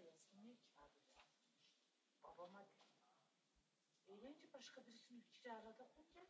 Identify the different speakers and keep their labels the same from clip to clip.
Speaker 1: dayısını çağırıyor. Babama dedi. Eğlence başka birisini kiralada koyacak.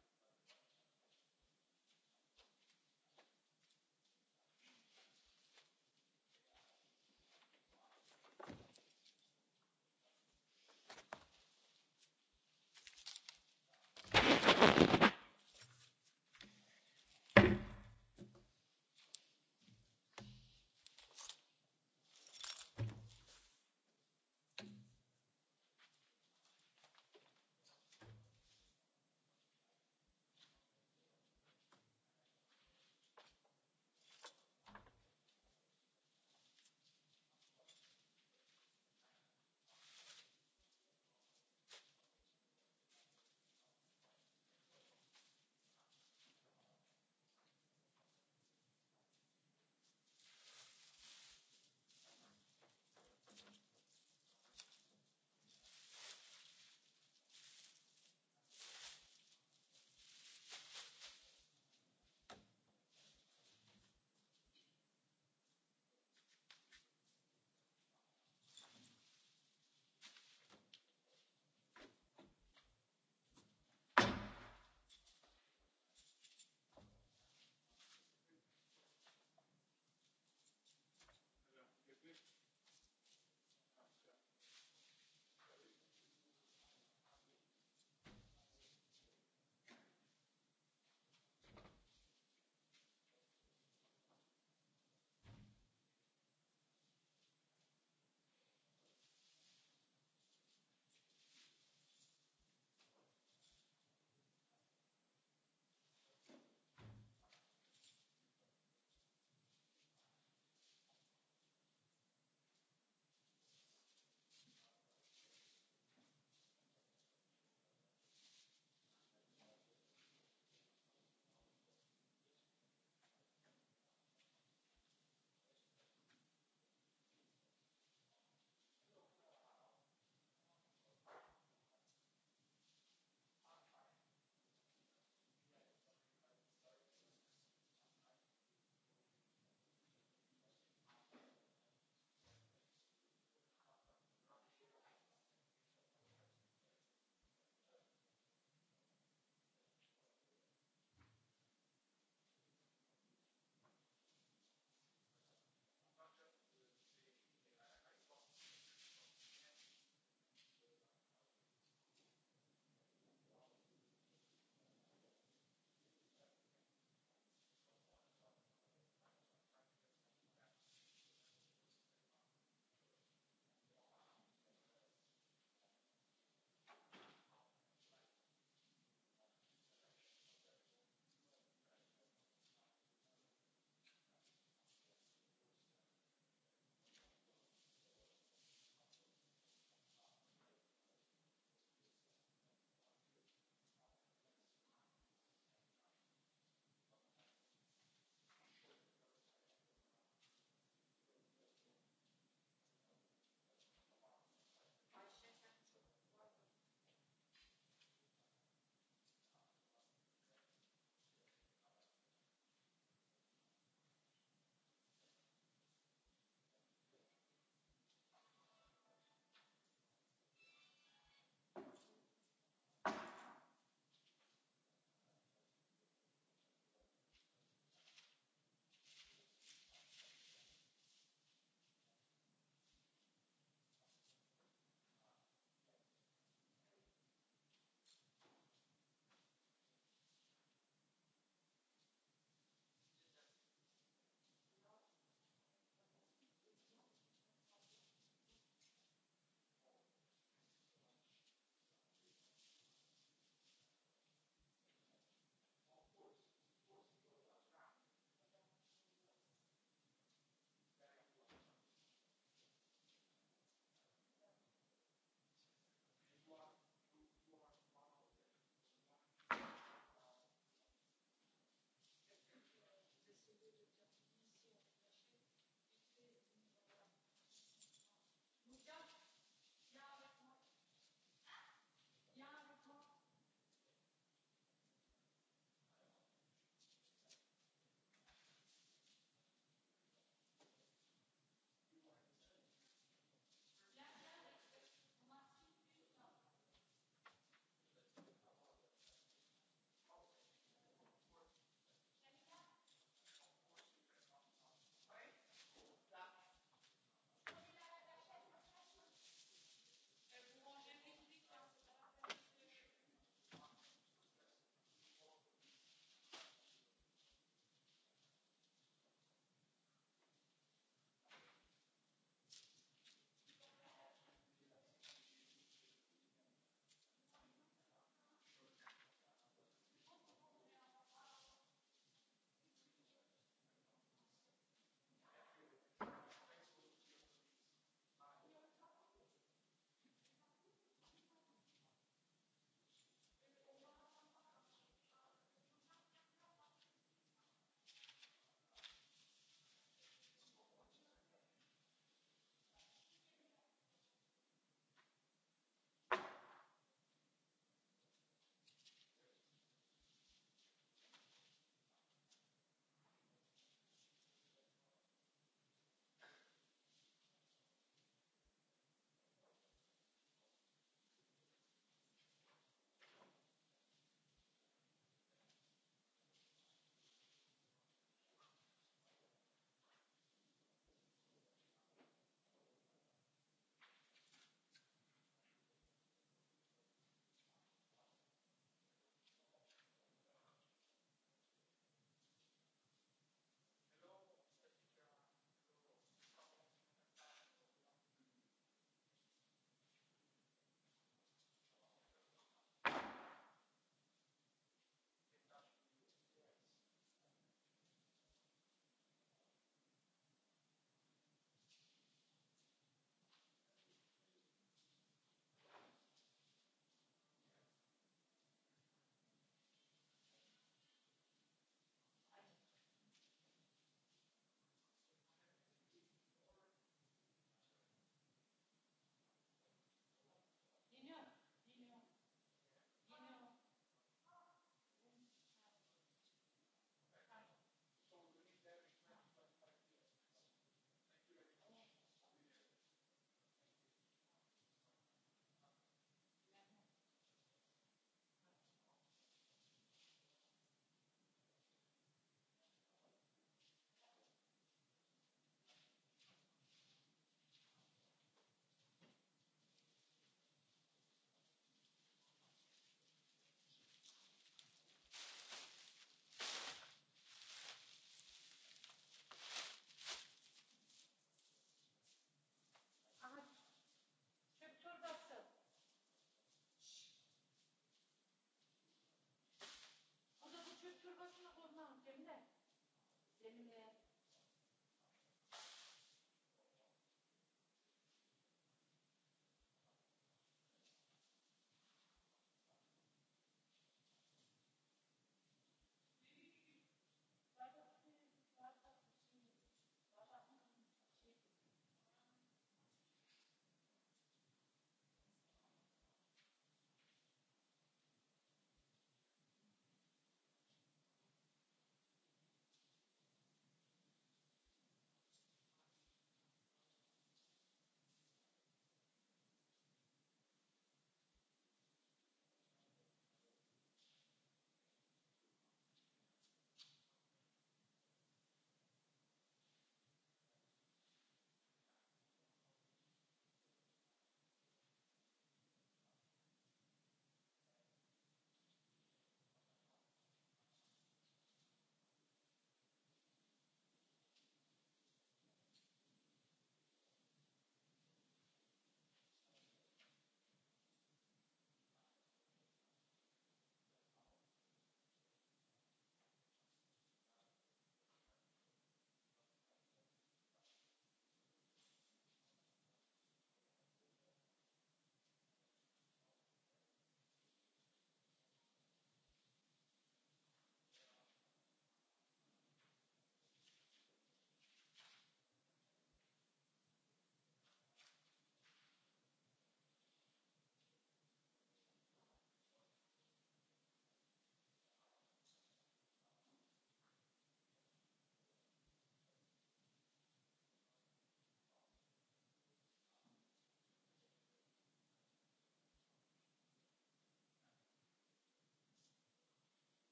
Speaker 1: mě